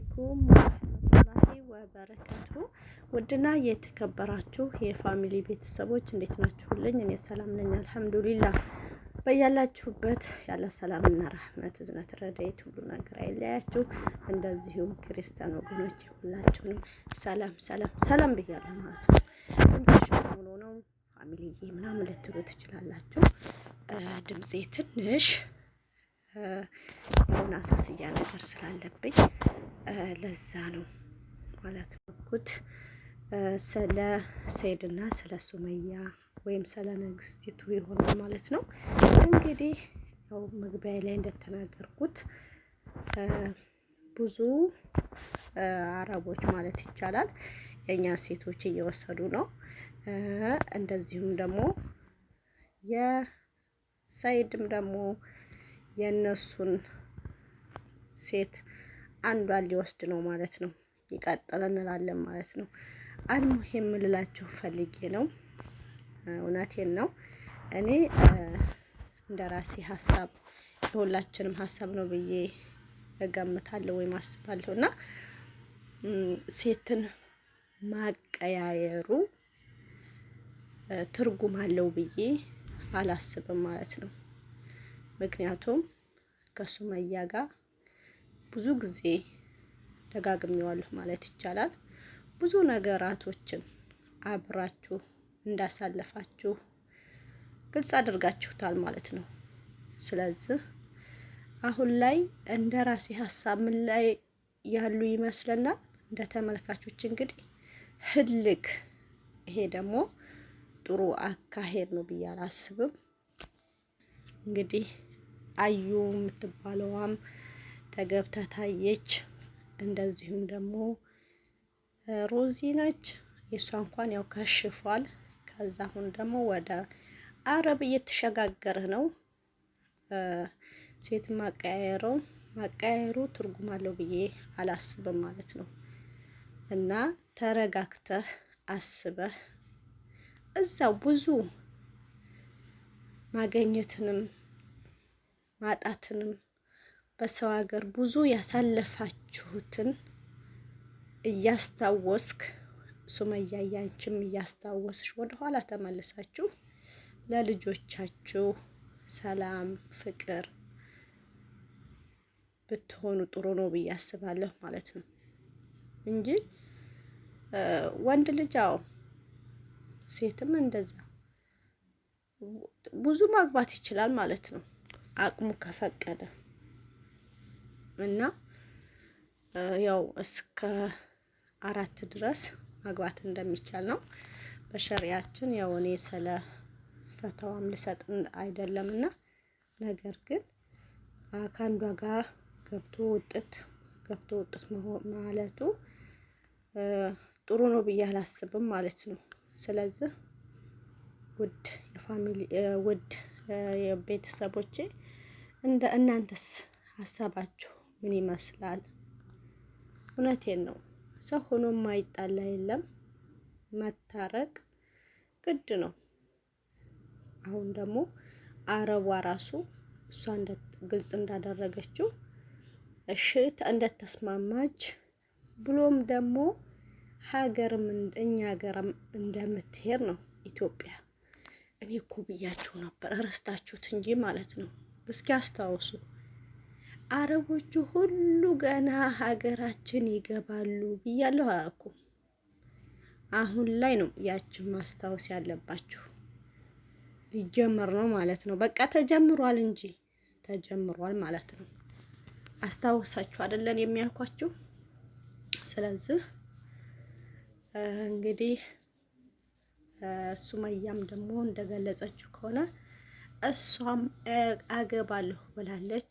አለይኩም ወራህመቱላሂ ወበረካቱ። ውድና የተከበራችሁ የፋሚሊ ቤተሰቦች እንዴት ናችሁልኝ? እኔ ሰላም ነኝ አልሐምዱሊላህ። በያላችሁበት ያለ ሰላምና ረህመት እዝነት ረዳየት ሁሉ ነገር አይለያችሁ። እንደዚሁም ክርስቲያን ወገኖች ሁላችሁንም ሰላም ሰላም ሰላም ብያለሁ ማለት ነው። ድምጽሽ ሆኖ ነው ፋሚሊዬ ምናምን ልትሉ ትችላላችሁ። ድምፄ ትንሽ የሆነ አሳስያ ነገር ስላለብኝ ለዛ ነው ማለት ነው ስለ ሰይድና ስለ ሱመያ ወይም ስለ ንግስቲቱ ይሆናል ማለት ነው። እንግዲህ ያው መግቢያ ላይ እንደተናገርኩት ብዙ አረቦች ማለት ይቻላል የእኛ ሴቶች እየወሰዱ ነው። እንደዚሁም ደግሞ የሰይድም ደግሞ የእነሱን ሴት አንዷን ሊወስድ ነው ማለት ነው። ይቀጥል እንላለን ማለት ነው። አልሙሄም ልላችሁ ፈልጌ ነው፣ እውነቴን ነው። እኔ እንደ ራሴ ሀሳብ የሁላችንም ሀሳብ ነው ብዬ እገምታለሁ ወይም አስባለሁ እና ሴትን ማቀያየሩ ትርጉም አለው ብዬ አላስብም ማለት ነው። ምክንያቱም ከሱመያ ጋር ብዙ ጊዜ ደጋግሜዋለሁ ማለት ይቻላል። ብዙ ነገራቶችን አብራችሁ እንዳሳለፋችሁ ግልጽ አድርጋችሁታል ማለት ነው። ስለዚህ አሁን ላይ እንደ ራሴ ሀሳብ ምን ላይ ያሉ ይመስለናል እንደ ተመልካቾች እንግዲህ ህልክ። ይሄ ደግሞ ጥሩ አካሄድ ነው ብዬ አላስብም። እንግዲህ አዩ የምትባለዋም ተገብታ ታየች። እንደዚሁም ደግሞ ሮዚ ነች። የእሷ እንኳን ያው ከሽፏል። ከዛ አሁን ደግሞ ወደ አረብ እየተሸጋገረ ነው። ሴት ማቀያየረው ማቀያየሩ ትርጉም አለው ብዬ አላስብም ማለት ነው። እና ተረጋግተህ አስበህ እዛው ብዙ ማገኘትንም ማጣትንም በሰው ሀገር ብዙ ያሳለፋችሁትን እያስታወስክ ሱመያ ያንቺም እያስታወስሽ ወደ ኋላ ተመልሳችሁ ለልጆቻችሁ ሰላም ፍቅር ብትሆኑ ጥሩ ነው ብዬ አስባለሁ ማለት ነው እንጂ ወንድ ልጅ አዎ ሴትም እንደዛ ብዙ ማግባት ይችላል ማለት ነው አቅሙ ከፈቀደ እና ያው እስከ አራት ድረስ ማግባት እንደሚቻል ነው በሸሪያችን። ያው እኔ ስለ ፈተዋም ልሰጥ እና ነገር ግን ከአንዷ ጋር ገብቶ ውጥት ገብቶ ውጥት ማለቱ ጥሩ ነው ብዬ አላስብም ማለት ነው። ስለዚህ ውድ የፋሚሊ ውድ የቤተሰቦቼ እንደ እናንተስ ሀሳባችሁ ምን ይመስላል? እውነቴን ነው። ሰው ሆኖ ማይጣላ የለም። መታረቅ ግድ ነው። አሁን ደግሞ አረቧ ራሱ እሷ ግልጽ እንዳደረገችው እሽት እንደተስማማች ብሎም ደግሞ ሀገርም እኛ ሀገርም እንደምትሄድ ነው ኢትዮጵያ። እኔ እኮ ብያችሁ ነበር እረስታችሁት እንጂ ማለት ነው። እስኪ አስታውሱ። አረቦቹ ሁሉ ገና ሀገራችን ይገባሉ ብያለሁ እኮ። አሁን ላይ ነው ያችን ማስታወስ ያለባችሁ። ሊጀመር ነው ማለት ነው። በቃ ተጀምሯል እንጂ ተጀምሯል ማለት ነው። አስታውሳችሁ አይደለን የሚያልኳችሁ። ስለዚህ እንግዲህ ሱመያም ደግሞ እንደገለጸችው ከሆነ እሷም አገባለሁ ብላለች።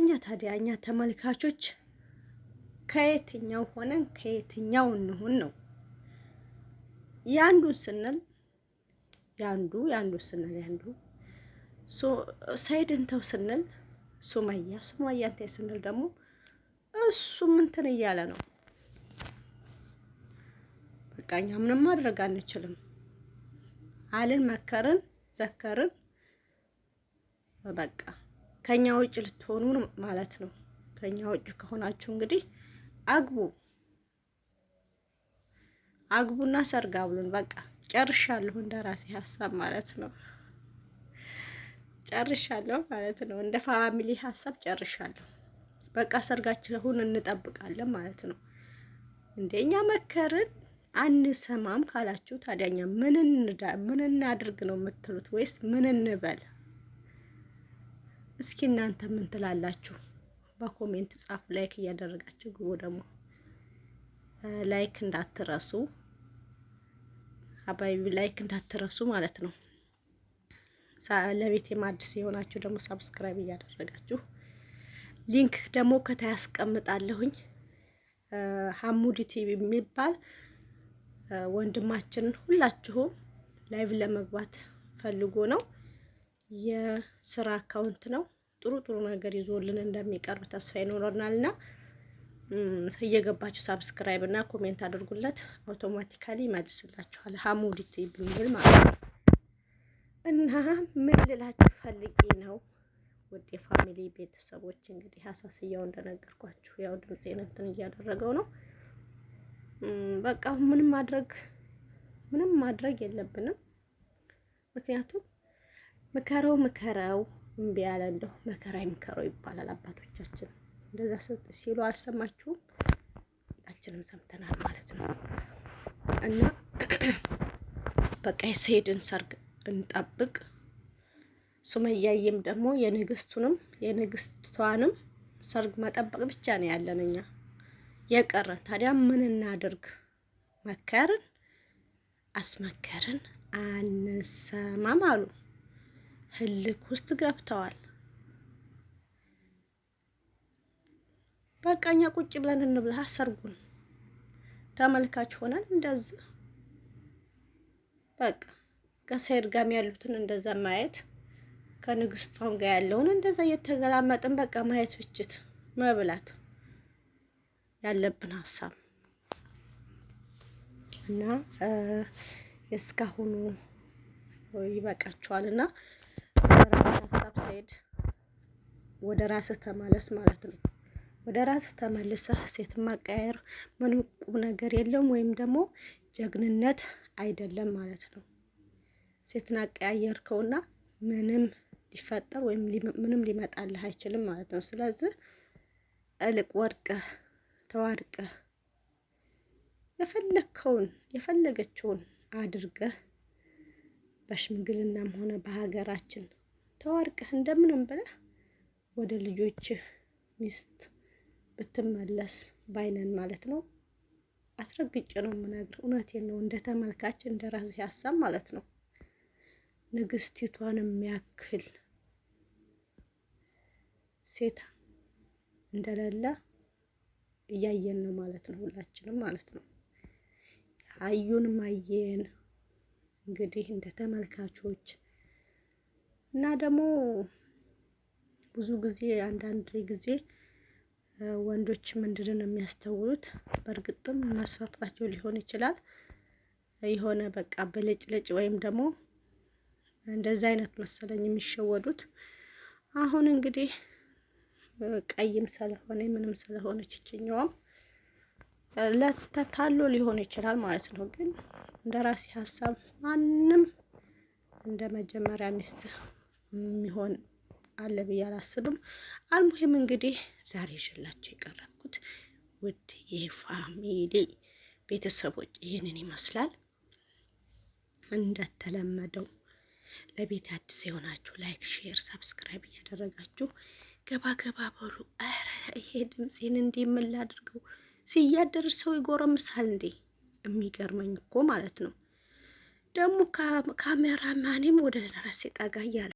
እኛ ታዲያ እኛ ተመልካቾች ከየትኛው ሆነን ከየትኛው እንሁን ነው ያንዱን ስንል ያንዱ ያንዱ ስንል ያንዱ ሰይድን ተው ስንል ሱመያ ሶማያ እንተ ስንል ደግሞ እሱ ምንትን እያለ ነው። በቃ እኛ ምንም ማድረግ አንችልም። አልን መከርን ዘከርን በቃ ከኛ ውጭ ልትሆኑ ማለት ነው። ከኛ ውጭ ከሆናችሁ እንግዲህ አግቡ አግቡና ሰርጋ አብሉን። በቃ ጨርሻለሁ፣ እንደራሴ ሀሳብ ማለት ነው። ጨርሻለሁ ማለት ነው። እንደ ፋሚሊ ሀሳብ ጨርሻለሁ። በቃ ሰርጋችሁን እንጠብቃለን ማለት ነው። እንደኛ መከርን አንሰማም ካላችሁ ታዲያኛ ምን እናድርግ ነው የምትሉት? ወይስ ምን እንበል? እስኪ እናንተ ምን ትላላችሁ? በኮሜንት ጻፍ። ላይክ እያደረጋችሁ ግቡ። ደግሞ ላይክ እንዳትረሱ አባይ ላይክ እንዳትረሱ ማለት ነው። ለቤት አዲስ የሆናችሁ ደግሞ ሳብስክራይብ እያደረጋችሁ ሊንክ ደግሞ ከታ ያስቀምጣለሁኝ። ሀሙዲ ቲቪ የሚባል ወንድማችን ሁላችሁም ላይቭ ለመግባት ፈልጎ ነው የስራ አካውንት ነው። ጥሩ ጥሩ ነገር ይዞልን እንደሚቀርብ ተስፋ ይኖረናል እና እየገባችሁ ሳብስክራይብ እና ኮሜንት አድርጉለት። አውቶማቲካሊ ይመልስላችኋል። ሀሙዲት ብንል ማለት ነው። እና ምን ልላችሁ ፈልጌ ነው ውድ የፋሚሊ ቤተሰቦች እንግዲህ ሀሳስያው እንደነገርኳችሁ ያው ድምፄን እንትን እያደረገው ነው። በቃ ምንም ማድረግ ምንም ማድረግ የለብንም ምክንያቱም ምከረው ምከረው እምቢ ያለ እንደው መከራ ይምከረው ይባላል አባቶቻችን። እንደዛ ሲሉ አልሰማችሁም? ሁላችንም ሰምተናል ማለት ነው። እና በቃ የሰኢድን ሰርግ እንጠብቅ። ሱመያዬም ደግሞ የንግስቱንም የንግስቷንም ሰርግ መጠበቅ ብቻ ነው ያለን እኛ የቀረን። ታዲያ ምን እናድርግ? መከርን አስመከርን አንሰማም አሉ። ህልክ ውስጥ ገብተዋል። በቃ እኛ ቁጭ ብለን እንብላ ሰርጉን ተመልካች ሆነን እንደዚህ በቃ ከሰይድ ጋም ያሉትን እንደዛ ማየት ከንግስቷም ጋር ያለውን እንደዛ እየተገላመጥን በቃ ማየት ብችት መብላት ያለብን ሀሳብ እና እስካሁኑ ይበቃችኋል እና የራስን ሀሳብ ሳይድ ወደ ራስህ ተመለስ ማለት ነው። ወደ ራስህ ተመልሰህ ሴት ማቀያየር ምንም ቁም ነገር የለውም ወይም ደግሞ ጀግንነት አይደለም ማለት ነው። ሴትን አቀያየርከውና ምንም ሊፈጠር ወይም ምንም ሊመጣልህ አይችልም ማለት ነው። ስለዚህ እልቅ ወድቀህ ተዋርቀህ የፈለግከውን የፈለገችውን አድርገህ በሽምግልናም ሆነ በሀገራችን ተዋርቀህ እንደምንም ብለህ ወደ ልጆችህ ሚስት ብትመለስ ባይነን ማለት ነው። አስረግጬ ነው የምነግር፣ እውነቴን ነው። እንደ ተመልካች እንደ ራሴ ሀሳብ ማለት ነው። ንግስቲቷን የሚያክል ሴት እንደሌለ እያየን ነው ማለት ነው። ሁላችንም ማለት ነው። አዩንም አየን። እንግዲህ እንደ ተመልካቾች እና ደግሞ ብዙ ጊዜ አንዳንድ ጊዜ ወንዶች ምንድን ነው የሚያስተውሉት? በእርግጥም መስፈርታቸው ሊሆን ይችላል። የሆነ በቃ ብልጭልጭ ወይም ደግሞ እንደዚህ አይነት መሰለኝ የሚሸወዱት። አሁን እንግዲህ ቀይም ስለሆነ ምንም ስለሆነች ይችኛዋም ለተታሎ ሊሆን ይችላል ማለት ነው። ግን እንደ ራሴ ሀሳብ ማንም እንደ መጀመሪያ ሚስት የሚሆን አለ ብዬ አላስብም። አልሙሂም እንግዲህ ዛሬ ይዤላቸው የቀረብኩት ውድ የፋሚሊ ቤተሰቦች ይህንን ይመስላል። እንደተለመደው ለቤት አዲስ የሆናችሁ ላይክ፣ ሼር፣ ሳብስክራይብ እያደረጋችሁ ገባ ገባ በሉ። ኧረ ይሄ ድምፄን እንዲህ ምን ላድርገው? ሲያደር ሰው ይጎረምሳል እንዴ? የሚገርመኝ እኮ ማለት ነው። ደግሞ ካሜራማኔም ወደ ራሴ ጠጋ እያለ